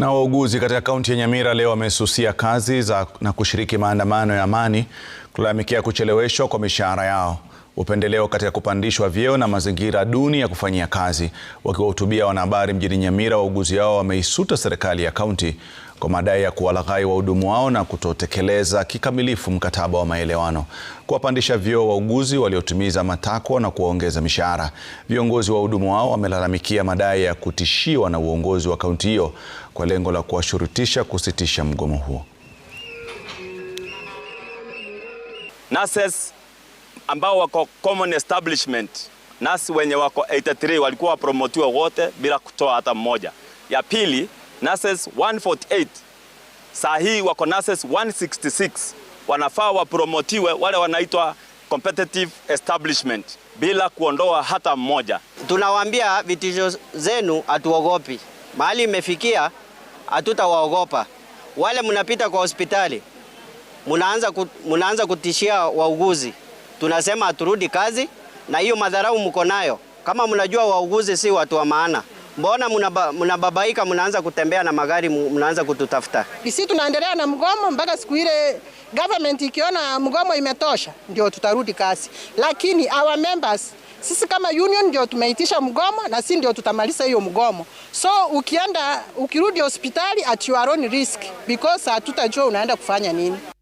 Na wauguzi katika kaunti ya Nyamira leo wamesusia kazi za na kushiriki maandamano ya amani kulalamikia kucheleweshwa kwa mishahara yao, upendeleo katika kupandishwa vyeo na mazingira duni ya kufanyia kazi. Wakiwahutubia wanahabari mjini Nyamira, wauguzi hao wameisuta serikali ya kaunti kwa madai ya kuwalaghai wahudumu wao na kutotekeleza kikamilifu mkataba wa maelewano, kuwapandisha vyeo wauguzi waliotimiza matakwa na kuwaongeza mishahara. Viongozi wa wahudumu wao wamelalamikia madai ya kutishiwa na uongozi wa kaunti hiyo kwa lengo la kuwashurutisha kusitisha mgomo huo. Nurses ambao wako common establishment, wenye wako 83 walikuwa wapromotiwa wote bila kutoa hata mmoja. Ya pili nurses 148 saa hii wako nurses 166 wanafaa wapromotiwe wale wanaitwa competitive establishment bila kuondoa hata mmoja. Tunawaambia vitisho zenu hatuogopi, mahali imefikia hatutawaogopa. Wale mnapita kwa hospitali mnaanza mnaanza kutishia wauguzi, tunasema haturudi kazi, na hiyo madharau mko nayo. Kama mnajua wauguzi si watu wa maana Mbona mnababaika, mnaanza kutembea na magari, mnaanza kututafuta? Sisi tunaendelea na mgomo mpaka siku ile government ikiona mgomo imetosha, ndio tutarudi kasi, lakini our members sisi kama union ndio tumeitisha mgomo na si ndio tutamaliza hiyo mgomo. So ukienda ukirudi hospitali at your own risk because hatutajua unaenda kufanya nini.